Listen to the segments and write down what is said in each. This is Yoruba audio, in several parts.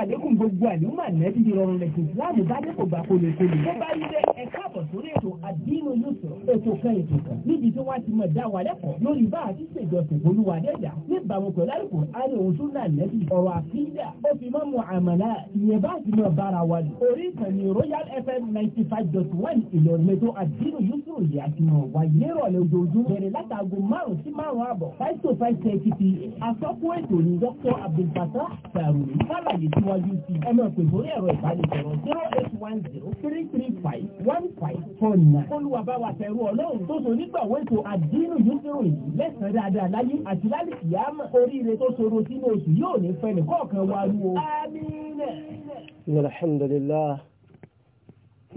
àlékún gbogbo àlùmọ̀ ànẹ́bí ìrọ̀rùn lẹ́kùn láàmú bá dé kò gbà kólekóle. tó bá rí bẹ́ẹ̀ ẹ káàbọ̀ sórí ètò àdínú yusuf ètò kan ètò kan níbi tí wọ́n ti mọ̀ dá wa lẹ́kọ̀ọ́ lórí bá a ti ṣèjọsìn olúwa dẹ́jà níbàámu pẹ̀lú àlùkò àrí òun tún náà lẹ́sìn ọ̀rọ̀ àfíìdà ó fi mọ́ muamala ìyẹn bá ti mọ̀ bára wa lò. orí ìkànnì royal fm ninety five dot one ìlọrin ètò àdínú yusuf yìí àti mọ̀ wá nírọ̀lẹ́ ojoojúmọ́ bẹ̀rẹ̀ látàgò márùn sí márùn àbọ̀ five to five thirty pm àsọkún ètò ní dr abdulfatah sàrùmí níwájú sí ẹ máa pè sórí ẹ̀rọ ìbánisọ̀rọ̀ zero eight one zero three three five one five four nine. olùwàbá wa tẹ̀rù ọlọ́run tó so nígbà wẹ́tò àdínú yúkúrò yìí lẹ́sàn-án dáadáa láyé àti lálùkì yá mọ́ oríire tó soro sínú oṣù yóò ní fẹ́ni kọ̀ọ̀kan wa rú o. alhamdulillah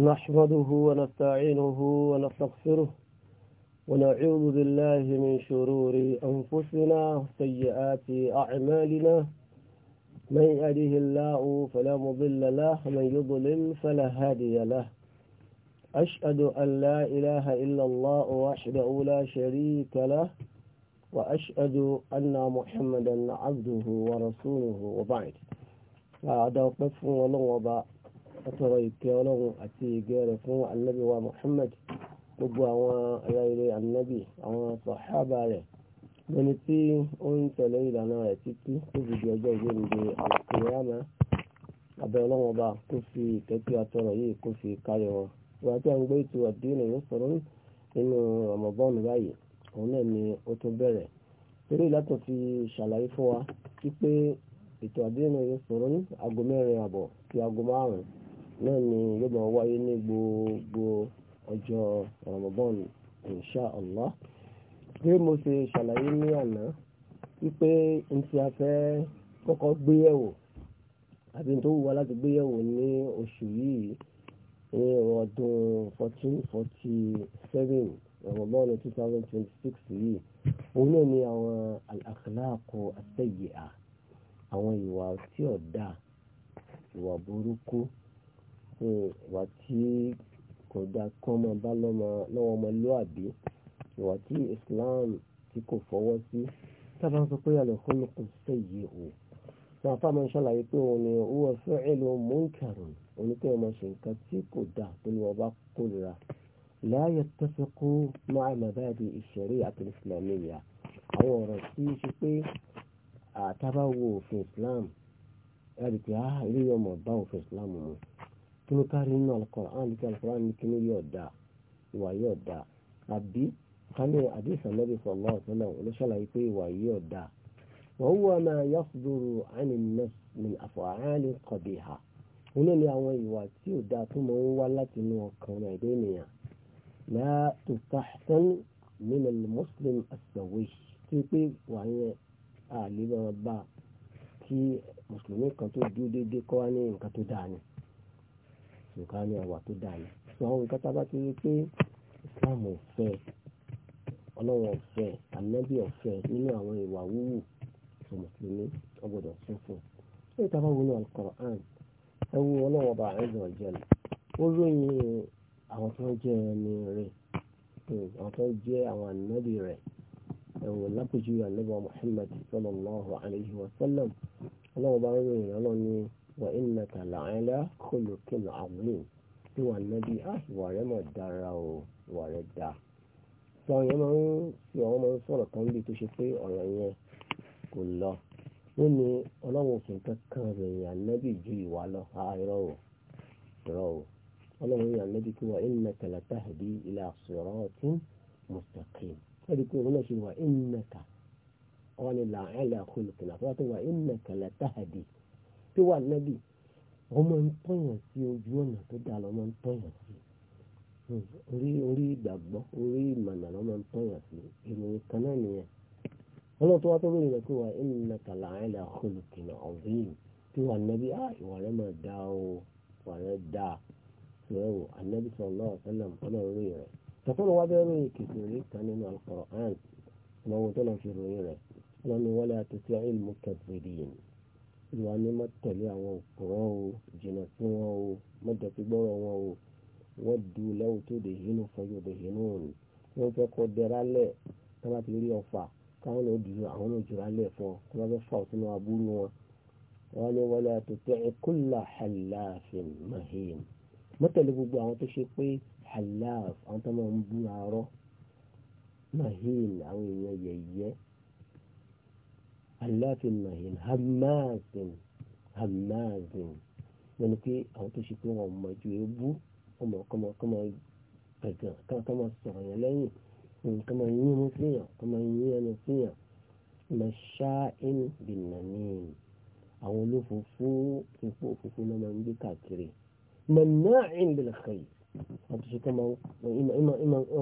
nahmaduhu wa nasta'inuhu wa nastaghfiruh ونعوذ بالله من شرور أنفسنا وسيئات أعمالنا من يهده الله فلا مضل له ومن يضلل فلا هادي له أشهد أن لا إله إلا الله وحده لا شريك له وأشهد أن محمدا عبده ورسوله وبعد هذا وقف ولن وضع أتريك ولن أتيك رفوع النبي ومحمد gbogbo àwọn ará ilé annabi ẹni tí ó ń tẹ̀lé ìlànà rẹ̀ títí tó fi di ọjọ́ ìgbéǹde àkùrẹ́àmà abẹ́ ọlọ́wọ́n ọba kó fi ìtẹ́tí yìí kó fi wọn. ìwà tí a ń gbé ètò àdéhùn yìí sọ̀rọ̀ nínú ọmọbọ́ọ̀nù báyìí òun náà ni ó tún bẹ̀rẹ̀. eré ìlàtọ̀ fi ṣàlàyé fún wa wípé ètò àdéhùn yìí sọ̀rọ̀ ní aago mẹ́rin àbọ̀ sí aago márùn-ún náà ni yóò bí mo ṣe ṣàlàyé ní àná wípé n tí a fẹ́ kọ́kọ́ gbé yẹ̀wò àbí tó wù wá láti gbé yẹ̀wò ní oṣù yìí ní ọdún fourteen forty seven ọ̀rọ̀mọ́ọ̀nù two thousand twenty six yìí òun náà ni àwọn àkàlàkọ àtẹ̀yẹ̀à àwọn ìwà tí ò dáa ìwà burúkú ìwà tí kò dáa kọ́ ọmọ bá lọ́wọ́ ọmọlúwàbí ìwà tí Islam tí kò fọwọ́ sí tábà ń sọ pé al-khuluqu sayyi'u náà fáwọn ṣàlàyé pé òun ni huwa fi'lu munkarun oníkẹ́ ọmọ ṣe nǹkan tí kò dà tó ní ọba kórira la yattafiqu ma'a mabadi ash-shari'ati al-islamiyya àwọn ọ̀rọ̀ tí ṣe pé àtàbà wo òfin Islam ẹ̀rì pé á ilé ọmọ bá òfin Islam mu kí ló kárí nínú al-Qur'an kí al ní kí ká ní àdìsí ànábì sallallahu alaihi wasallam olóṣàlàyé pé ìwà yìí ọ̀dà wọ́n wọ́n máa yasduru anin nas min af'ali qabiha nínú ni àwọn ìwà tí ò dáa tó mọ̀ ń wá láti inú ọkàn rẹ̀ dé nìyàn la tustahsan min al-muslim as-sawi tí pé wà yẹn àlebọn bá kí mùsùlùmí kan tó dúró déédéé kọ́ wá ní nǹkan tó dáa ni nǹkan ní ọwà tó dáa ni sọ àwọn nǹkan tá a ti rí pé Islam ò fẹ́ ọlọ́run ọ̀fẹ́ ànábì ọ̀fẹ́ nínú àwọn ìwà wúwù tó mùsùlùmí ọgbọ́dọ̀ sún fún un ó ìtafà wọnú Al-Qur'an ẹ wo ọlọ́run ọba àìsàn ọ̀jẹ̀lẹ̀ ó lóyìn àwọn tó jẹ́ ẹni rẹ̀ àwọn tó jẹ́ àwọn ànábì rẹ̀ ẹ wo lápẹjù ànábì Muhammad sallallahu alayhi wa sallam ọlọ́run ọba ń ròyìn ọlọ́run wa innaka la'ala khuluqin 'azim tí wọn ànábì ah, ìwà rẹ̀ tí àwọn èèyàn máa ń fi àwọn máa ń sọ̀rọ̀ kan bí tó ṣe pé ọ̀rọ̀ yẹn kò lọ ó ní ọlọ́run òfin kankan ròyìn ànábì ju ìwà lọ àìrọ̀ o ìrọ̀ o ọlọ́run ròyìn ànábì kí wà innaka latahdi ila siratin mustaqim ẹ̀rí pé òun náà ṣe wà innaka ọ̀wọ́n ni làálẹ̀ àkọlùkìlà fún wa tó wà innaka latahdi tó Hmm. orí orí ìgbàgbọ́ orí ìmọ̀nà lọ́mọ ń tọ́yà sí ìròyìn kan náà nìyẹn ọlọ́run tó wá tó lórí rẹ̀ pé wà innaka la'ala khuluqin azim tí wà nẹ́bí á ah, ìwà rẹ̀ máa dá o ìwà rẹ̀ dá rẹ̀ o ànẹ́bí sallallahu alaihi wasallam ọlọ́run rí rẹ̀ tọ́kọ́nù wá bẹ́ẹ̀ ròyìn kìtìrì kan nínú al-Qur'an ọmọ tó lọ fi ròyìn rẹ̀ ọlọ́run ni wala tuti'il waddu law tudhinu fayudhinun wọ́n fẹ́ kọ́ dẹra lẹ̀ tí wọ́n bá ti rí ọfà káwọn lọ dùn àwọn náà jura lẹ̀ fún ọ tí wọ́n fẹ́ fà sínú aburú wọn. wọ́n ní wala tuti'i kulla hallafin mahin mọ́tẹ̀lẹ́ gbogbo àwọn tó ṣe pé halaf àwọn tó máa ń bú arọ́ mahin àwọn èèyàn yẹ̀yẹ́ halafin mahin hamazin hamazin wọ́n ní pé àwọn tó ṣe pé wọ́n mọ̀ ju ebú kọmọ kọmọ kọmọ gbẹ̀gàn kọmọ sọ̀rọ̀ yẹn lẹ́yìn mm, kọmọ yín mú síyàn kọmọ yín ẹnu síyàn mẹ́ṣáín bìnàmín àwọn olófòfó epo òfófó náà máa ń gbé káàkiri mẹ́náìn lè xèyí àti ṣe kọ́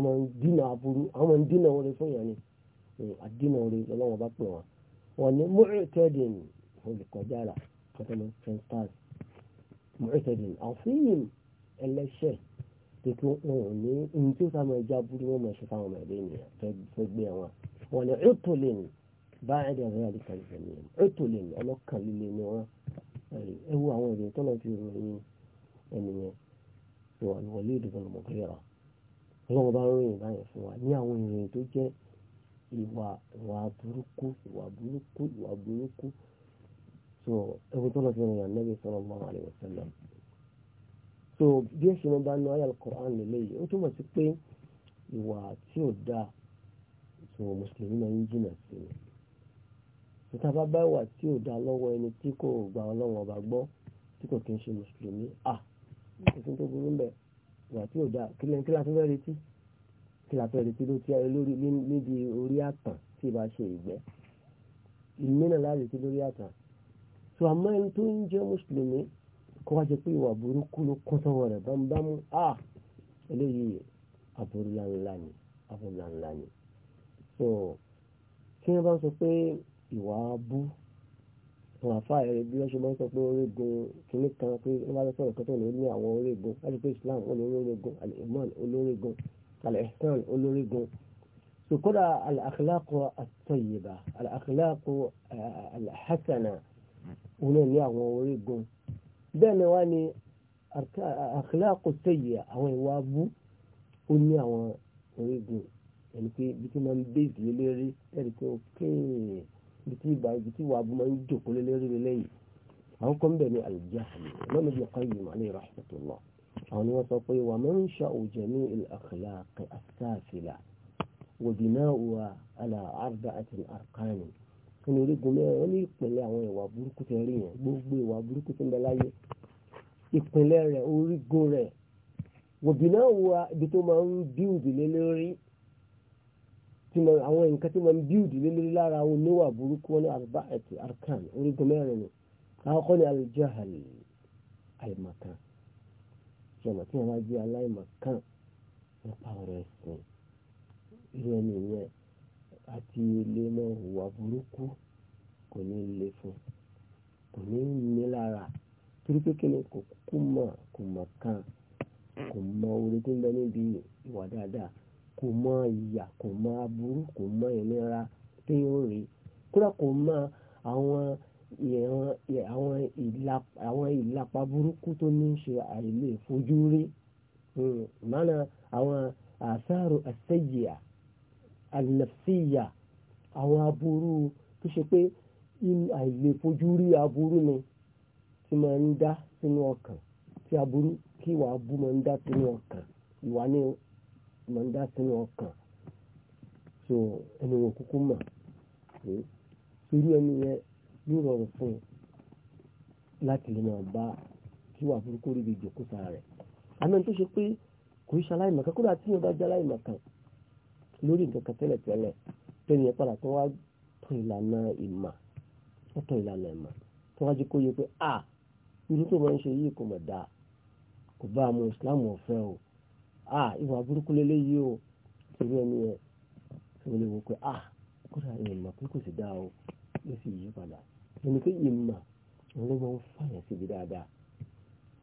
máa ń dínà aburú àwọn máa ń dínà orí fún yàn ni mm, àdínà orí lọ́wọ́ bá pè wọ́n wọ́n ní mọ́rẹ́tẹ́dìn olùkọjá rà kọ́tọ́ mọ́ àfihàn ẹlẹ́ṣẹ̀ tó tó wọn ò ní ní tí ó sá máa já burú wọn máa ṣe fáwọn ọmọ ẹ̀dẹ́ ènìyàn fẹ́ gbé wọn. wọn ni ètò lè ní bá ẹ̀dẹ̀ ọ̀rẹ́ àdìkan lè fẹ̀mí ẹ̀ ètò lè ní ọlọ́kàn líle ni wọn ẹ wo àwọn èdè tó lọ fi ròyìn ẹnìyẹn tó wà ní wọlé ìdìbò lọmọkìlẹ́ra ọlọ́wọ́ bá ròyìn báyẹn fún wa ní àwọn ìròyìn tó jẹ́ ìwà ìwà burúkú ìwà burúkú ìwà burúkú tó ẹwọ́n tó lọ fi ròyìn ànábì sallallahu alaihi wasallam so bí ẹ̀sìn náà bá nu ayé alukoran lélẹ́yìí ó túmọ̀ sí pé ìwà tí ò dáa so mùsùlùmí náà ń jìnà sí i níta bá bá ìwà tí ò dáa lọ́wọ́ ẹni tí kò gba ọlọ́run ọba gbọ́ tí kò kí ń ṣe mùsùlùmí à nítorí tó burú mbẹ ìwà tí ò dáa kí lẹ́yìn kí la fẹ́ retí kí la fẹ́ retí ló ti ayé lórí níbi orí àtàn tí ì bá ṣe ìgbẹ́ ìmínà láti retí lórí àtàn so àmọ́ ẹni tó ń jẹ́ mùsùlùmí kó wá jẹ pé ìwà burúkú ló kún sọ́wọ́ rẹ̀ bámúbámú à eléyìí àbúrúlá ńlá ni àbúrúlá ńlá ni so kí wọ́n bá ń sọ pé ìwà abú àwọn àfáà ẹ̀rẹ́ bí wọ́n ṣe máa ń sọ pé orígun kìíní kan pé wọ́n bá sọ̀rọ̀ kẹ́tọ̀ ló ní àwọn orígun láti pé Islam olórígun al-iman olórígun al-ihsan olórígun so kódà al-akhlaq at-tayyiba al eh, ní àwọn orígun bẹ́ẹ̀ ni wá ní àkíláàkù sẹ́yìí àwọn ìwà abú ó ní àwọn orígun ẹni pé bí tí wọ́n ń bèèzì lé lérí ẹni pé òkèèrè bí tí ìgbà ibi tí ìwà abú máa ń jòkó lé lérí lélẹ́yìn àwọn kan bẹ̀ ní àlùjáàmì lọ́nà bí ọkàn yìí màálé rahmatullah àwọn ni wọ́n sọ pé wà máa ń ṣa òjẹ̀ ní àkíláàkì àtàfilà wòbí náà àlà àrùbá àti àrùkánì wọn ní orígun mẹ́rin wọn ní ìpínlẹ̀ àwọn ìwà burúkú tẹ rí yẹn gbogbo ìwà burúkú tẹ ń bẹ láyé ìpínlẹ̀ rẹ̀ orígun rẹ̀ wòbí náà wà ibi tó máa ń bíùdì lé lórí àwọn nǹkan tó máa ń bíùdì lé lórí lára àwọn oníwà burúkú wọn ní arba'ati arkan orígun mẹ́rin ni àkọ́kọ́ ni aljahal àìmọ̀kan ṣọ̀nà tí wọ́n bá jẹ́ aláìmọ̀kan nípa ọ̀rọ̀ ẹ̀sìn irú ẹni yẹn àti ilé náà hùwà burúkú kò ní le fún kò ní ní lára torí pé kíni kò kú mọ̀ kò mọ̀ kan kò mọ orí tó ń bẹ níbi ìwà dáadáa kò mọ ìyà kò mọ aburú kò mọ ìnira tí ó rí kúrò kò mọ àwọn àwọn ìlapa burúkú tó ní ṣe àìlè fojú rí mọ́nà hmm. àwọn àṣàrò àṣẹ́yìá alinafsiya àwọn aburú tó ṣe pé àìlè fojú rí aburú ni tí máa ń dá sínú ọkàn tí aburú kí ìwà abú máa ń dá sínú ọkàn ìwà ni máa ń dá sínú ọkàn so ẹni wọn kúkú mọ̀ pé irú ẹni yẹn yóò rọrùn fún un láti lè máa bá kí wà burúkú rí ibi ìjòkó sára rẹ̀ àmọ́ tó ṣe pé kò í ṣe aláìmọ̀kan kódà tí yóò bá jẹ́ aláìmọ̀kan lórí nǹkan kan tẹ́lẹ̀ tẹ́lẹ̀ tẹ́lẹ̀ yẹn padà tó wá tún ìlànà ìmà wọ́n tún ìlànà ìmà tó wá jẹ́ kó yẹ pé a irú tó máa ń ṣe yìí kò mọ̀ dáa kò bá àwọn ìsìláàmù ọ̀fẹ́ o a ìwà burúkú lélẹ́yìí o irú ẹni yẹn tó lè wò pé a kódà ìmà pé kò sì dáa o ló sì yí padà ẹni pé ìmà òun ló máa ń fàyàn síbi dáadáa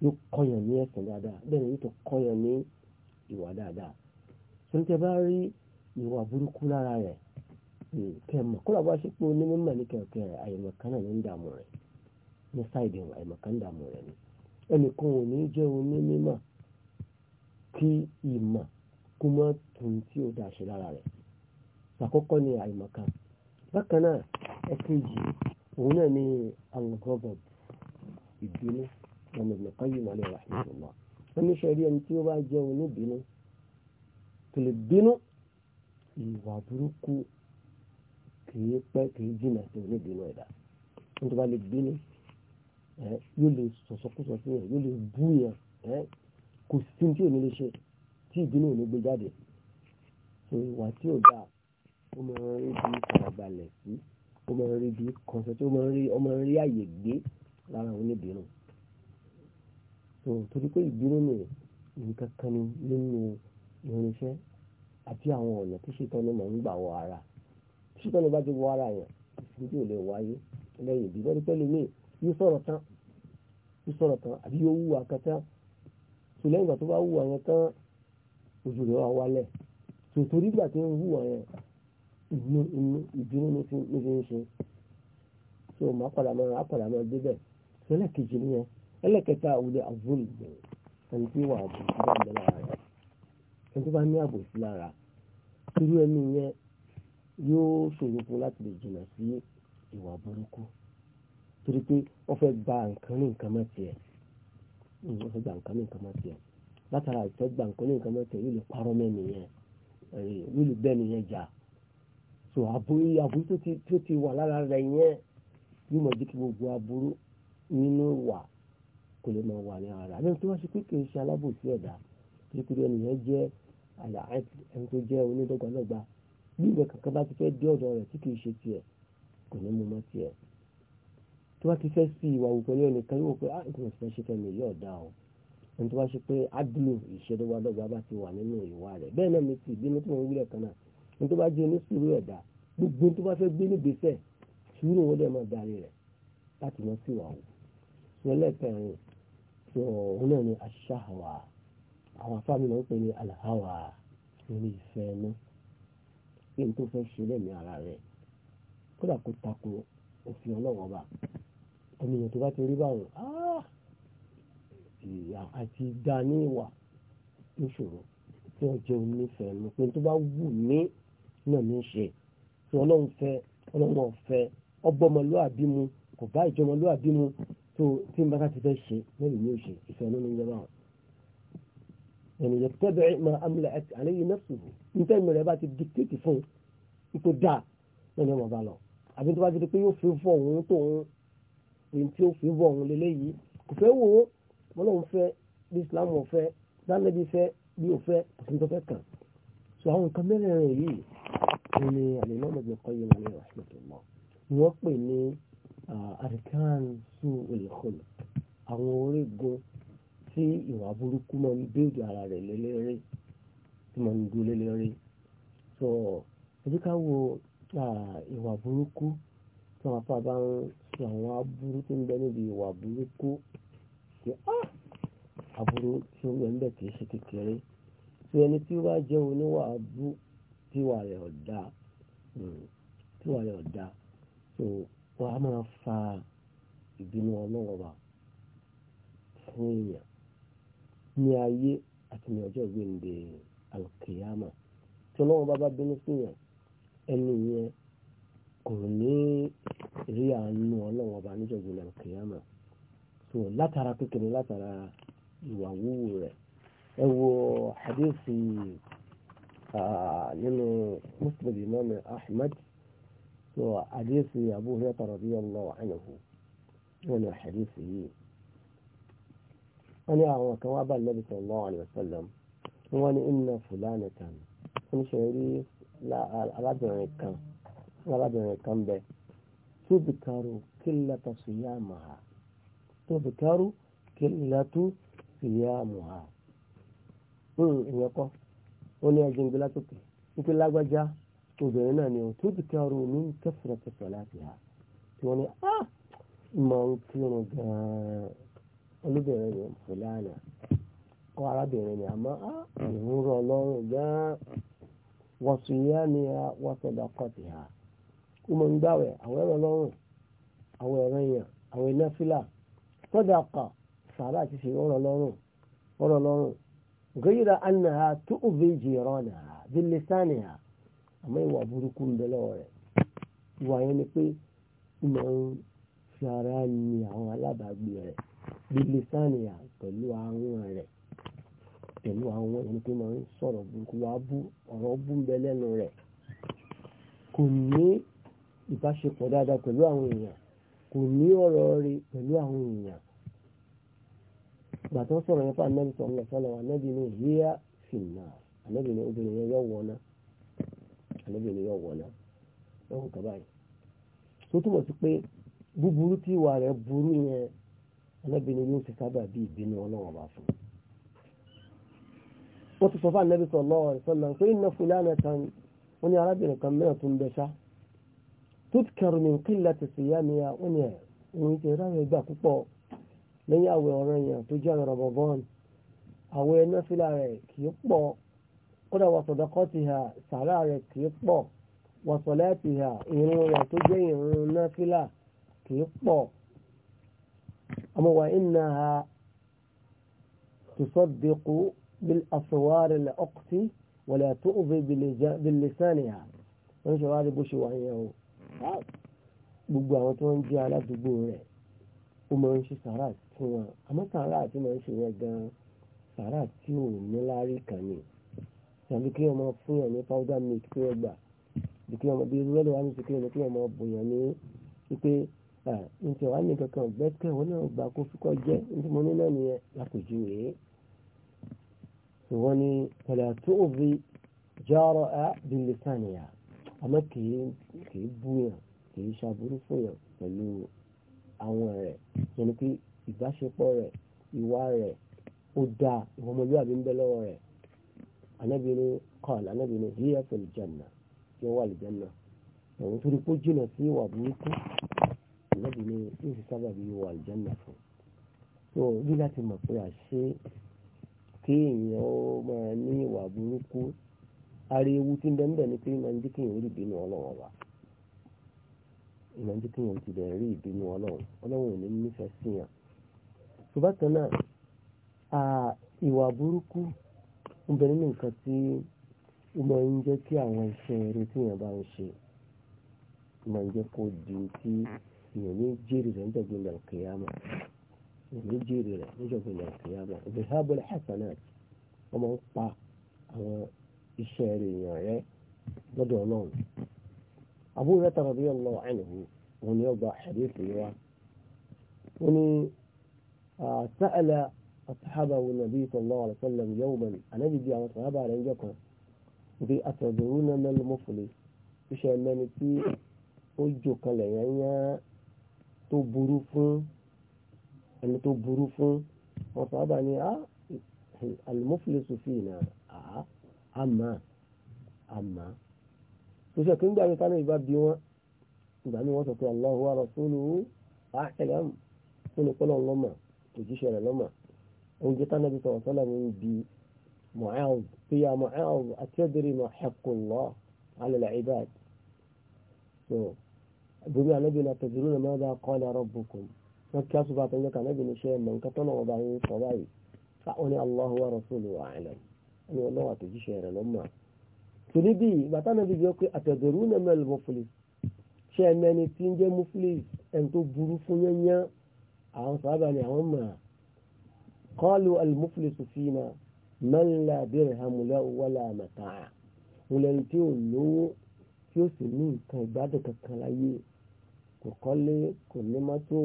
yóò kọyàn ní ẹ̀sìn dáadáa bẹ́ẹ̀ ni yóò tó kọyàn ní ìwà dáadáa sọ ìwà burúkú lára rẹ̀ kẹmọ̀ kó làbá ṣe pé onímọ̀ ní kẹ̀kẹ́ rẹ̀ àyẹ̀mọ̀kan náà ní ń dààmú rẹ̀ ní sáìdì wọn àyẹ̀mọ̀kan ń dààmú rẹ̀ ni ẹnìkan ò ní jẹ́ onímọ̀ kí ìmọ̀ kó mọ́ tun tí ó dà lára rẹ̀ ṣàkọ́kọ́ ni àyẹ̀mọ̀kan bákan náà ẹ̀kejì òun náà ni alùpùpù ìbínú ọmọ ìbìnkan yìí wọlé rà ní ìṣòro wọn ní sẹ́rí ẹni tí ó bá jẹ́ oníbínú ìwà burúkú kìí pẹ́ kìí jìnà sí onídìínú ẹ̀dá nítorí wọ́n lè bínú yóò lè sọ̀sọ́kúsọ sí yẹn yóò lè bú yẹn kò sí tí ò ní lè ṣe tí ìbínú ò ní gbé jáde so ìwà tí ò dáa ó máa ń rí bí farabalẹ̀ sí ó máa ń rí bí kọ̀ọ̀sẹ̀ tí ó máa ń rí ó rí àyè gbé lára àwọn oníbínú torí pé ìbínú nìyẹn nǹkan kan ní nínú irinṣẹ́ àti àwọn ọ̀nà tí ṣètọ́ni máa ń gbà wọ ara tí ṣètọ́ni bá ti wọ ara yẹn ìsinjú ò lè wáyé lẹ́yìn ìbí lọ́dún pẹ́lú mi yóò sọ̀rọ̀ tán yóò sọ̀rọ̀ tán àbí yóò wúwa kan tán tó lẹ́yìn ìgbà tó bá wúwa yẹn tán ojú rẹ̀ wá wálẹ̀ tó torí ìgbà tí ń wúwa yẹn inú inú ìbínú ló fi ń ṣe tó máa padà máa rà padà máa débẹ̀ tó ẹlẹ́kejì nìyẹn ẹlẹ́kẹta àwùjọ àvúlù ẹni tí wà á bọ̀ ẹni tó bá ní àbòsí lára irú ẹni yẹn yóò ṣòro fún láti lè jìnnà sí ìwà burúkú torí pé wọ́n fẹ́ gba nǹkan ní nǹkan mọ́tì ẹ̀ wọ́n hmm, fẹ́ gba nǹkan ní nǹkan mọ́tì ẹ̀ látara ìfẹ́ gba nǹkan ní nǹkan mọ́tì ẹ̀ yóò lè parọ́ mẹ́ni yẹn yóò lè bẹ́ni yẹn jà so àbúrú àbúrú tó ti tó ti wà lára rẹ̀ yẹn yóò mọ̀ jẹ́ kí gbogbo aburú nínú wà kò lè máa wà ní ara rẹ̀ àbẹ́ni tó wá ṣe pé kì í ṣe alábòsí ẹ̀dá torí ẹni yẹn jẹ́ àlàáfíà ẹni tó jẹ́ onídọ́gbàdọ́gba bí ìwé kankan bá ti fẹ́ dé ọ̀dọ̀ rẹ̀ tí kìí ṣe tiẹ̀ kò ní mú mọ́ tiẹ̀ tó bá ti fẹ́ sí ìwà òwò pẹ̀lú ẹnìkan yóò pé àìkú ah, mo ti fẹ́ ṣe fẹ́mi yóò dá o ẹni tó bá ṣe pé ádùlù ìṣẹ́dọ́gbàdọ́gba bá ti wà nínú ìwà rẹ̀ bẹ́ẹ̀ náà mi ti ìbínú tí mo ń wílẹ̀ kan náà ẹni tó bá jẹ́ onísùúrù ẹ̀dá àwọn fáàmì náà ń pè ní alhawa lórí ìfẹ́ ẹnu kí n tó fẹ́ ṣe lẹ́mìí ara rẹ̀ kódà kó tako òfin ọlọ́wọ́n bá ènìyàn tó bá ti rí báwọn ah! àti dá ní ìwà ìṣòro tí wọ́n jẹ́ onífẹ̀ẹ́ ẹnu pé tó bá wù mí náà ní ṣe tí ọlọ́run fẹ́ ọlọ́run ọ̀fẹ́ ọgbọ́mọlúàbí mu kò bá ìjọmọlúàbí mu tó tí n bá ti fẹ́ ṣe mẹ́rin ní òṣè ìfẹ́ ẹnu ní ìjọba wọn ẹni yẹtẹ́bẹ̀ ma amúlẹ̀ ẹ̀ alẹ́ yìí náà sùn nítorí mi rẹ̀ bá ti dictate fún un tó dáa lẹ́nu ọmọ bá lọ àbí tó bá ti di pé yóò fi fọ òun tó òun èyí tí ó fi bọ òun lélẹ́yìí kò fẹ́ wò ó mọ́lọ́hún fẹ́ bí Islam ọ̀fẹ́ dánilẹ́bí fẹ́ bí òfẹ́ òfin tó fẹ́ kàn so àwọn nǹkan mẹ́rẹ̀ẹ̀rin yìí òun ni ọmọdé kọ́ yẹ wọlé rahmatullah ni wọ́n pè ní àríkàn sùn olùkọ́lù àwọn orígun tí ìwà burúkú máa ń bèèrè ara rẹ̀ lélẹ́rẹ́ tí máa ń dúró lélẹ́rẹ́ sọ ẹjẹ́ ká wo ìwà burúkú tí wọn fà bá ń ṣe àwọn aburú tó ń bẹ níbi ìwà burúkú ṣe á aburú tí ó ń bẹ kìí ṣe kékeré tí ẹni tí ó bá jẹ́ oníwà abú tí wà rẹ̀ ọ̀dà hmm, tí wà rẹ̀ ọ̀dà tó wàá máa fa ìbínú ọlọ́wọ́ wa fún èèyàn ní ayé àti ní ọjọ́ ìgbéǹde alkiyama tí ọlọ́run bá bá bínú síyàn ẹni yẹn kò ní rí àánú ọlọ́run ọba níjọ́ ìgbéǹde alkiyama so látara kékeré látara ìwà wúwo rẹ̀ ẹ wo hadithi nínú muslim imam ahmed so hadithi abu hurairah radiyallahu anhu wọn ni yìí wọ́n ní àwọn kan wá bá Nabi sallallahu alaihi wasallam wọ́n ní inna fulana kan wọ́n ṣe rí arábìnrin kan arábìnrin kan bẹ tó bìkárù qillatu siyamaha tó bìkárù qillatu siyamaha ìyẹn kọ́ wọ́n ní ẹjìn gbé látòkè nítorí lágbájá obìnrin náà ni tó bìkárù min kathrati salatiha tí wọ́n ní ah ìmọ̀ ń kírun gan-an. olóbìnrin yẹn fúlàní kọ́ arábìnrin ni àmọ́ á ìhun rọ gan-an ni a ha kí mo ń gbàwẹ̀ àwọn ẹ̀rọ lọ́rùn àwọn ẹ̀rọ yẹn àwọn iná fílà sọ́dà kà sàrà àti ṣe ọ̀rọ̀ lọ́rùn ọ̀rọ̀ lọ́rùn gẹ́yìrà àná ha tó òbí jìrọ̀ nà ha délé sáni ha àmọ́ ìwà burúkú ń bẹ lọ́wọ́ rẹ̀ ìwà yẹn ni pé ìmọ̀ ń lílé sáànìyà pẹ̀lú àwọn rẹ̀ pẹ̀lú àwọn ẹni pé máa ń sọ̀rọ̀ burúkú wá bú ọ̀rọ̀ bú ń bẹ lẹ́nu rẹ̀ kò ní ìbáṣepọ̀ dáadáa pẹ̀lú àwọn èèyàn kò ní ọ̀rọ̀ rí pẹ̀lú àwọn èèyàn gbàtọ́ sọ̀rọ̀ nípa anábì tó ń lọ sọ́lọ́ anábì ní híyá fìnnà ní obìnrin yẹn yọ ní anábì ni yóò ṣe sábà bí ìbínú ọlọ́wọ́ bá fún un. wọ́n ti sọ fún anábì sallallahu alaihi wasallam pé inna fulanatan wọ́n ní arábìnrin kan mẹ́rin tó ń bẹ ṣá tutkaru min qillati siyamiha wọ́n ní ẹ̀ òun ti ráyọ̀ ìgbà púpọ̀ lẹ́yìn àwẹ̀ ọ̀rọ̀ yẹn tó jẹ́ ọ̀rọ̀ bọ̀bọ́n àwẹ̀ náfìlà rẹ̀ kì í pọ̀ kódà wa sadaqatiha sàrà rẹ̀ kì í pọ̀ wa salatiha ìrun rẹ̀ tó jẹ́ ìrun náfìlà kì í pọ̀ أما وإنها تصدق بالأسوار العقف ولا تؤذي باللسانها wọ́n ṣe wá rí bó ṣe wà yẹn o gbogbo àwọn tí wọ́n ń jẹ́ aládùúgbò rẹ̀ ó máa ń ṣe sàárà fún wọn àmọ́ sàárà tí máa ń ṣe yẹn gan-an sàárà tí ò ní láárí kan ni tàbí kí ọmọ fún yàn ní powder milk tí wọ́n gbà bí kí ọmọ bí rẹ́lẹ̀ wá ní ti kí ọmọ bòyàn ní wípé nǹkan wà ní kankan ọ̀gbẹ́kẹ̀ wọn náà gbà kó fúkọ́ jẹ́ nítorí mo ní náà nìyẹn lápèjú rèé wọ́n ní pẹ̀lẹ́ tó obi jọ́rọ̀ ẹ́ bí lìtánìyà àmọ́ kìí búyàn kìí ṣàbúrú fòyàn pẹ̀lú àwọn rẹ̀ yẹn pé ìbáṣepọ̀ rẹ̀ ìwà rẹ̀ ó ń bẹ yíyá tó kó ànábì ní ìfi sábàbí wọ àlùjánnà fún so bí láti mọ̀ pé àṣé kéèyàn ó máa ní ìwà burúkú ara ewu tí ń bẹ níbẹ̀ ni pé máa ń jẹ́ kéèyàn rí ìbínú ọlọ́run wa máa ń jẹ́ kéèyàn ti bẹ̀rẹ̀ rí ìbínú ọlọ́run ọlọ́run ò ní nífẹ̀ẹ́ sí yàn so náà ìwà burúkú ń bẹ nínú nǹkan tí ó máa ń jẹ́ kí àwọn iṣẹ́ eré tí èèyàn bá ń ṣe máa ń jẹ́ kó di tí èèyàn ní jèrè rẹ̀ níjọ́ gbẹ̀ndà kìyàmà èèyàn ní jèrè rẹ̀ níjọ́ gbẹ̀ndà kìyàmà ìbíhábọ̀lì hasanat wọ́n máa ń pa àwọn iṣẹ́ rẹ̀ èèyàn rẹ̀ lọ́dọ̀ ọlọ́run Abu Hurairah radiyallahu anhu òun ni ó gba hadith yìí wá ó ní sa'ala ashabahu nabi sallallahu alaihi wasallam yawman anabi bí àwọn sàhábà rẹ̀ ń jọ kan bí atadruna mal muflis iṣẹ́ mẹ́ni tí ó jò kan lẹ́yìn yẹn tó burú fún ẹni tó burú fún wọn sábà ní a ah, alimofilisu fi ìnà a ah, àmà àmà tó ṣe kí ń gbà mí tánà ìbá bí wọn ìgbà mí wọn sọ pé Allahu wa rasuluhu àkẹlẹm nínú pẹlú ọlọmọ òjíṣẹ́ rẹ̀ lọmọ oúnjẹ tánà bí sọ̀rọ̀ sọlá mi ń bi Mu'adh pé ya Mu'adh atadri ma haqqullah ala al-ibad so àbúrò anábì náà tẹ̀síwò náà máa bá qala rabbukum wọ́n kí aṣọ bàtà ńlẹ́ka anábì ní iṣẹ́ ẹ̀mọ́ nǹkan tọ́nà ọba yín sọ báyìí káwọn ní Allahu wa rasuluhu a'lam ní ọlọ́wà tó jíṣẹ́ rẹ̀ lọ́mọ. torí bí bàtà náà bíi pé àtẹ̀dọ̀rú náà mẹ́lì mọ́fúlì ṣé ẹ̀mẹ́ni tí ń jẹ́ mọ́fúlì ẹni tó burú fún yányán àwọn sábà ni àwọn mọ̀ qalu al-muflisu fina man la dirhamu lahu wala mata'a mo lẹni tí sì ní nǹkan ìgbádùn kankan láyé kò kọ́lé kò ní mọ́tò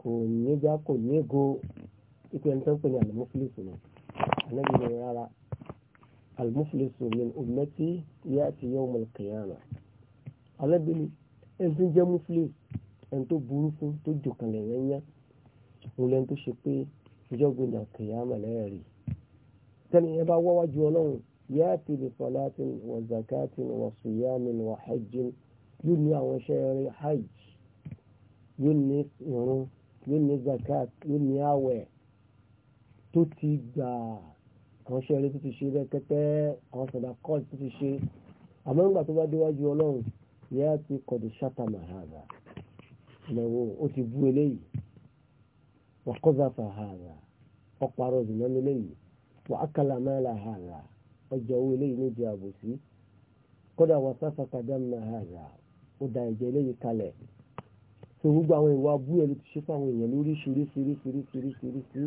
kò níjà kò nígo ipò ẹni tó ń pè ní alimufilisu nù anabi ní rárá alimufilisu min ummati ya'ti yawm al-qiyamah anabi ní ẹni tó jẹ́ mufilis ẹni tó burú fún tó jòkànlẹ̀ yẹn yẹn òun lẹ́ni tó ṣe pé ìjọba ìdàn kìyàmà lẹ́ẹ̀rí sẹ́ni ẹ bá wáwájú ọlọ́run ya'ti bi salatin wa zakatin wa siyamin wa hajjin yóò ní àwọn iṣẹ́ rẹ hajj yóò ní ìrun yóò ní zakat yóò ní àwẹ̀ tó ti gbà àwọn iṣẹ́ rẹ tó ti ṣe rẹ́kẹ́tẹ́ àwọn sọ̀dà kọ́ọ̀tù tó ti ṣe àmọ́ nígbà tó bá déwájú ọlọ́run yẹ́ ti kọ̀dù ṣáta màhàdà lọ́wọ́ ó ti bú eléyìí wàkọ́zà fàhàdà ọ̀pàrọ̀ zìnà eléyìí wàákàlà mẹ́la hàdà ọjà owó eléyìí ní ìdí àbòsí kódà wàsáfà kàdá mẹ́hàdà ó da ẹ̀jẹ̀ eléyìí kalẹ̀ so gbogbo àwọn ìwà abú ló ti ṣe fáwọn èèyàn lóríṣiríṣiríṣiríṣiríṣi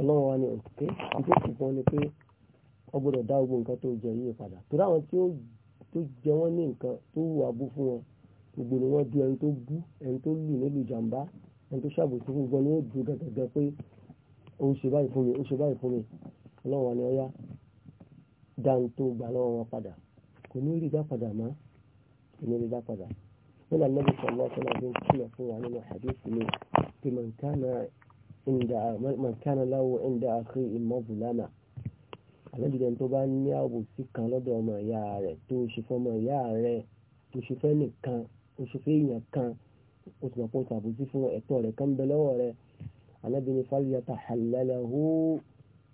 ọlọ́run wa ni òkè ìjọ ìbọn ni pé wọ́n gbọ́dọ̀ dá gbogbo nǹkan tó jẹ yìí padà torí àwọn tí ó jẹ wọ́n ní nǹkan tó wù abú fún wọn gbogbo ni wọ́n du ẹni tó bú ẹni tó lù nílùú ìjàmbá ẹni tó ṣàbòsí gbogbo ni ó du gẹ́gẹ́gẹ́ pé ó ṣe báyìí fún mi ó ṣe báyìí fún mi ọlọ́run wa ni ọ̀yá dáhùn tó gbà lọ́wọ́ wọn padà kò ní rí ìdá padà mọ́ ìyẹn lè dá padà wọn là nẹ́bí sọ̀rọ̀ ọ̀sán náà fi ń kílọ̀ fún wa nínú àdéhùn mi pé mọ̀nkánà láwọ̀ ẹ̀ńdà àkè ìmọ̀bùlánà àlẹ́bìdẹ̀ tó bá ní àbòsí kan lọ́dọ̀ ọmọ ìyá rẹ̀ tó ṣe fọmọ ìyá rẹ̀ tó ṣe fẹ́ nìkan tó ṣe fẹ́ èèyàn kan ó ti mọ̀ pé ó ṣàbòsí fún ẹ̀tọ́ rẹ̀ kan bẹ lọ́wọ́ rẹ̀ àlẹ́bìdẹ̀ fàlùyàtà àlẹ́lẹ̀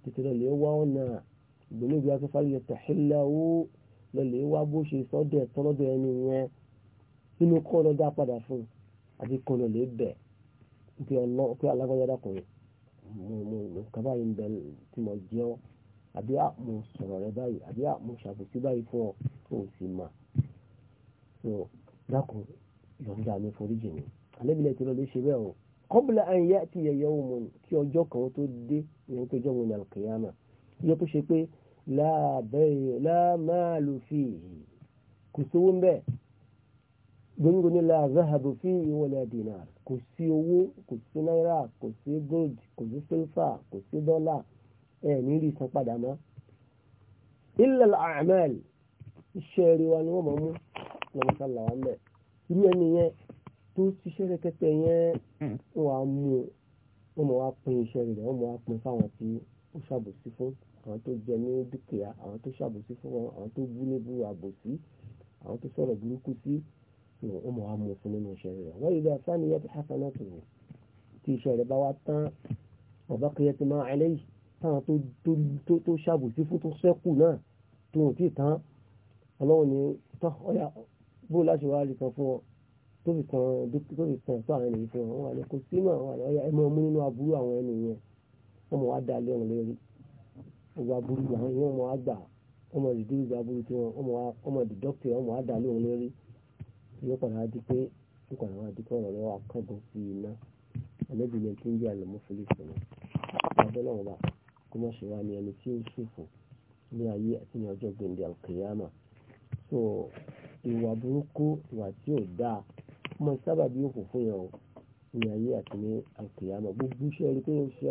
tètè lọ́ọ́ lè wá ọ̀nà ìgbòmígbé lọlẹ̀ wá bó ṣe sọ́dẹ̀ tọ́lọ́dọ̀ ẹni yẹn nínú kọ́ lọ́dá padà fún àti kan lọlẹ̀ bẹ̀ pé ọlọ́ pé alágbájá dàkùnrin mo mo mo kaba yìí ń bẹ tí mo jẹ́ ọ́ àbí à mo sọ̀rọ̀ rẹ báyìí àbí à mo ṣàbùsí báyìí fún ọ tó o sì mà so dákun yọ̀ǹda mi foríjì mi alẹ́bìlẹ̀ tí lọ́lẹ́ ṣe bẹ́ẹ̀ o kọ́bùlà àn yá ti yẹ̀yẹ́ òun kí ọjọ́ kan tó dé ìyẹn pé ọjọ́ òun ní alùkìyàmà ìyẹn tó ṣe pé láàbẹ̀yìn láàmàlù fi kò sówó ń bẹ̀ gbogbo ní láàzáhàbù fi ìwọlẹ̀ dìnnà kò sí owó kò sí náírà kò sí gold kò sí sílfà kò sí dọ́là ẹ̀ ní rí san padà mọ́. ilẹ̀ àmẹ́l iṣẹ́ rí wa ni wọ́n mọ̀ mú lọ́wọ́ sálà bẹ̀ irú ẹni yẹn tó ṣiṣẹ́ rẹ̀kẹ́tẹ̀ yẹn hmm. wọ́n á mú wọ́n mọ̀ wá pín iṣẹ́ rẹ̀ wọ́n mọ̀ wá pín fáwọn tí ó ṣàbòsí fún àwọn tó jẹ ní dúkìá àwọn tó ṣàbòsí fún wọn àwọn tó bú níbú àbòsí àwọn tó sọ̀rọ̀ burúkú sí ó mọ̀ wá mú fún nínú iṣẹ́ rẹ̀ wọ́n yìí bá sáni yẹ ti hasan náà tó wù tí iṣẹ́ rẹ̀ bá wá tán ọ̀bá kẹyẹ ti máa ẹlẹ́yìí táwọn tó ṣàbòsí fún tó ṣẹ́kù náà tó hùn tí tán ọlọ́run ni tán bó láṣẹ wá rí kan fún ọ tó fi kan tó àwọn ènìyàn fún ọ wọn wà ní kò sí wọ́n mọ̀ wá dá lé ọ̀hún lérí gbogbo aburú àwọn èèyàn mọ̀ wá gbà wọ́n mọ̀ dìdú ìgbà aburú tí wọ́n wọ́n mọ̀ wọ́n mọ̀ wá dá lé ọ̀hún yóò padà wá di pé yóò padà wá di pé ọ̀rọ̀ tí ń jẹ́ àlọ́mọ́ fúlẹ̀sì náà ọ̀dọ́lọ́wọ́ kó mọ̀ ṣe wá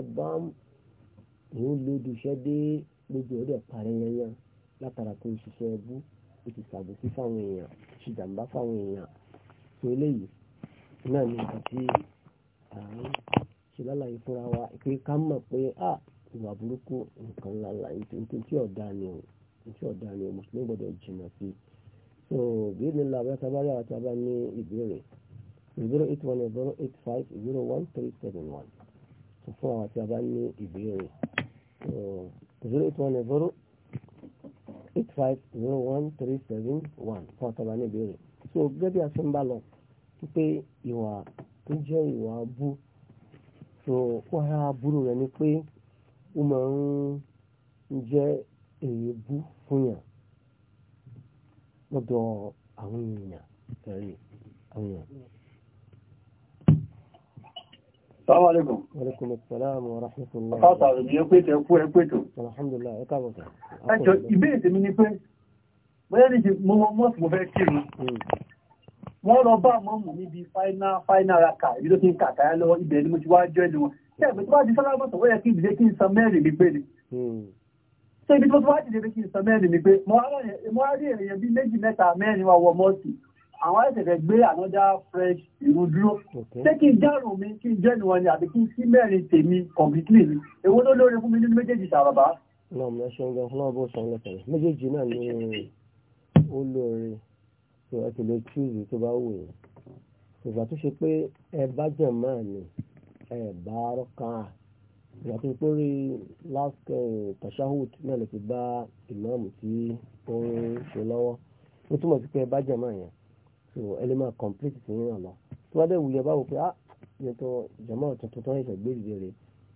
ní èyí ó lójú iṣẹ́ dé gbogbo ọ̀dẹ̀ parí yanyan látara pé òṣìṣẹ́ ẹbú ó ti ṣàbòsí fáwọn èèyàn ṣe jàǹbá fáwọn èèyàn tó eléyìí náà ní nǹkan tí à ń ṣe lálàyé fúnra wa pé ká mọ̀ pé à ìwà burúkú nǹkan lálàyé nítorí tí ọ̀dà ni o nítorí ọ̀dà ni o mùsùlùmí gbọ́dọ̀ jìnnà sí i. so bí mi là bá tabarí àwọn tábà ní ìbéèrè zero eight one zero eight five zero one three seven one so fún àwọn tábà ní ìbéèrè. 081 8501371 fún àtàbà ní ìbéèrè so gẹ́gẹ́ bí a ṣe ń bá lọ pé ìwà tó jẹ́ ìwà abú so wáyà aburú rẹ̀ ni pé ó máa ń jẹ́ èébú fún yàn lọ́dọ̀ àwọn èèyàn aleykum salaam ورحمة الله. ọ̀pá àtàwọn ènìyàn pé tẹ kú ẹ pé tó. alhamdulilah ẹ káàbọ̀ sọ. ẹ jọ ìbéèrè tèmi ni pé bóyá ní ti mo mọ́ sí mo fẹ́ kírun hmm. wọ́n lọ bá mọ́mù níbi final final raka ibi tó ti ń kà káyà lọ ibẹ̀ ni mo ti wá jọ ẹni wọn ṣé ẹgbẹ́ tó bá di sálámọ̀ sọ wọ́n yẹ kí ìdílé kí n san mẹ́rin mi pé ni hmm. ṣé ibi tó bá di ìdílé kí n san mẹ́rin mi pé mo wá rí èrè yẹn bí méjì mẹ́ta mẹ́rin wa wọ mọ́ọ̀sì àwọn ẹ̀sẹ̀fẹ̀ gbé ànọ́dá fresh ìrù dúró ṣé kí n dárùn mi kí n jẹ́nu wọn ni àbí kí n sí mẹ́rin tèmi completely ni èwo ló lóore fún mi nínú méjèèjì sàràbà. náà mo ṣe ń gan fúnra bó sọ lẹ́sẹ̀rẹ̀ méjèèjì náà ni ó lóore tó ẹ ti lè túùsì tó bá wù yẹn ìgbà tó ṣe pé ẹ bá jẹ̀ máa ni ẹ bá rọ́kà ìgbà tó ṣe pé rí last eh, tashahud náà lè fi bá ìmáàmù tí ó ń ṣe lọ́wọ́ ó túmọ̀ sí pé ẹ bá jẹ̀ máa yẹn so ẹni máa complete ti yín lọ tó bá dẹ̀ wùyẹ báwo pé ah yẹ tó jọmọ́ tuntun tó ń ṣe gbé ìbéèrè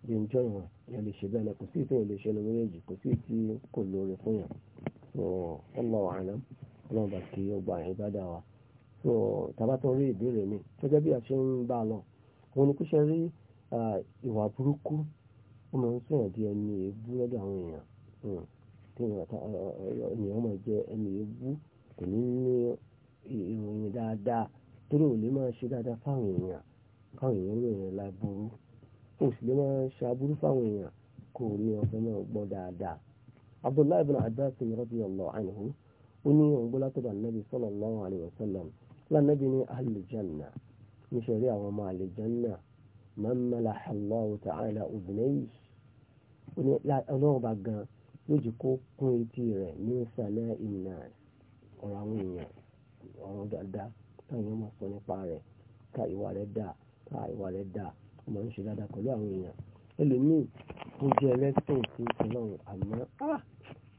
jẹ ń jọyìn wọn yẹn lè ṣe bẹ́ẹ̀ náà kò sí ìtò yẹn lè ṣe lómi méjì kò sí ìtì kò lóore fún yàn so Allahu a'lam ọlọ́run bá kí ọgbà yẹn bá dà wá so tàbá tó rí ìbéèrè mi gẹ́gẹ́ bí a ṣe ń bá a lọ òun ni kò ṣe rí ìwà burúkú ó máa ń sọ̀rọ̀ di ẹni èébú lọ́dọ̀ àwọn èèyàn hmm. tí èèyàn máa jẹ ẹni èébú kò ní ní ìròyìn dáadáa torí ò lè máa ṣe dáadáa fáwọn èèyàn fáwọn èèyàn ló yẹn láburú kò sì lè máa ṣe aburú fáwọn èèyàn kò ní ọ̀fẹ́ náà gbọ́ dáadáa. abdullahi ibn abbas radiyallahu anhu ó ní sallallahu alayhi wa sallam ní alìjánná níṣẹ́rí àwọn ọmọ alìjánná man malaha Allahu ta'ala udunayhi ní bá gan kó kún etí ní ìnà àwọn ọ̀run dáadáa táwọn èèyàn máa sọ nípa rẹ̀ ká ìwà rẹ̀ dà ká ìwà rẹ̀ dà ó máa ń ṣe dáadáa pẹ̀lú àwọn èèyàn ẹlòmíì ó jẹ́ ẹlẹ́sìn sí ìtọ́lọ́run àmọ́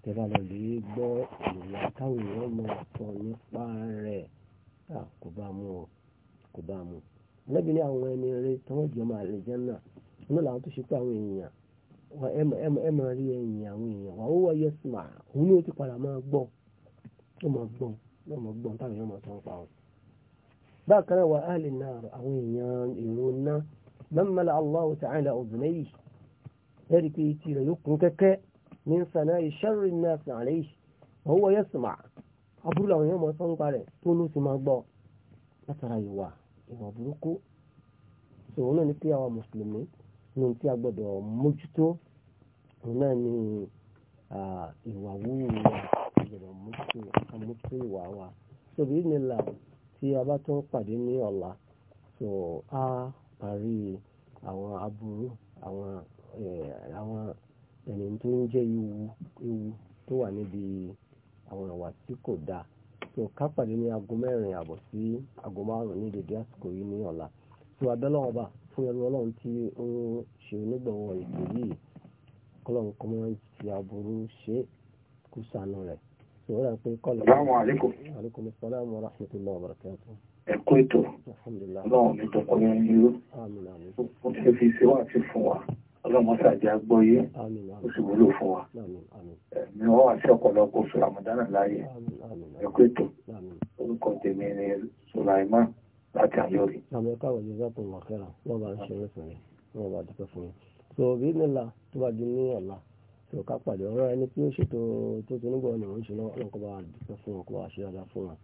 tẹ́lá ah, lọ lè gbọ́ ìwà táwọn èèyàn máa sọ nípa rẹ̀ ah, kò bá mu o kò bá mu lẹ́bi ní àwọn ẹni rẹ tí wọ́n jẹ́ ọmọ àlejò náà inú làwọn tó ṣe pé àwọn èèyàn ẹ máa rí ẹ̀yìn àwọn èèyàn wà ó wọ yẹsùn mà òun ni ó ti padà máa gbọ́ ó máa gbọ́ yóò mọ̀ gbọ́n táwọn yóò mọ̀ sọ ń pa wọn. bákan náà wà áàlì náà àwọn èèyàn èrò náà mẹ́mẹ́lá Allahu ta'ala ọ̀bùnẹ́ yìí ẹ̀rí pé etí rẹ̀ yóò kún kẹ́kẹ́ ní sànà ìṣẹ́rì náà sàn àlẹ́ yìí wọ́n wọ́ yẹ́sùn mà àbúrò àwọn yóò mọ̀ sọ ń pa rẹ̀ tó ló sì máa gbọ́ látara ìwà ìwà burúkú òun náà ni pé àwọn mùsùlùmí ní tí a gbọ́dọ̀ mójútó òun náà ni ìwà wúwo wa gbọ́dọ̀ mú sí ìwà wa tóbi nílà tí a bá tún pàdé ní ọ̀la tó a parí àwọn aburú àwọn àwọn ẹni tó ń jẹ́ ewu tó wà níbi àwọn ìwà tí kò dáa tó ká pàdé ní aago mẹ́rin àbọ̀ sí aago márùn-ún ní dèdè àsìkò yìí ní ọ̀la tó abẹ́lọ́wọ́n bá fún ẹrú ọlọ́run tí ó ń ṣe onígbọ̀wọ́ ètò yìí kọ́lọ́run kọ́mọ́ ti aburú ṣe kó sànú rẹ̀ sọ̀rọ̀ pé kọ́lọ̀. Assalamu alaikum. Alaikum assalam wa rahmatullahi wa barakatuh. Ẹ̀kọ́ ètò. Ọlọ́run mi tó kọ́ yẹn yúró. Ó ti fi ṣe wá àti fún wa. Ọlọ́run ọ̀sẹ̀ àjẹ́ agbóyé. Ó sì wúlò fún wa. Mi wọ́n wá sí ọ̀pọ̀lọpọ̀ oṣù Ramadana láàyè. Ẹ̀kọ́ ètò. Orúkọ tèmi ni Sulaiman láti Ayọ̀rí. Àmì ẹ̀ka àwọn ìjọba tó wà kẹ́ra. Wọ́n bá ń ṣe é fún mi. Wọ́n bá dúpẹ́ fún mi. So bí nílà tó bá di ní ọ̀la tó ká pàdé ọ̀rọ̀ ẹni tí ó ṣètò tó ti nígbà ọ̀nà òun ṣe lọ́wọ́ ọ̀nà kó bá wà dúpẹ́ fún wọn kó wà ṣe dáadáa fún wọn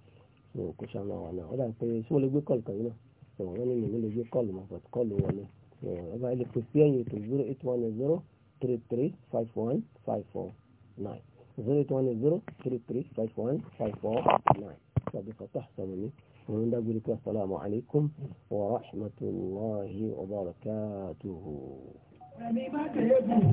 tó kó ṣàánú àwọn náà ọ̀dà pé sí mo lè gbé kọ́ọ̀lù kan yìí náà tó wọ́n ní mi lè gbé kọ́ọ̀lù mọ́ pẹ̀lú kọ́ọ̀lù wọlé ọba ilé pè sí ẹ̀yìn ètò zero eight one zero three three five one five four nine zero eight one zero three three five one five four nine tàbí fọ́tà sọ̀rọ̀ òun dágbére pé asalaamu alaykum wa rahmatulahi wa barakatuhu.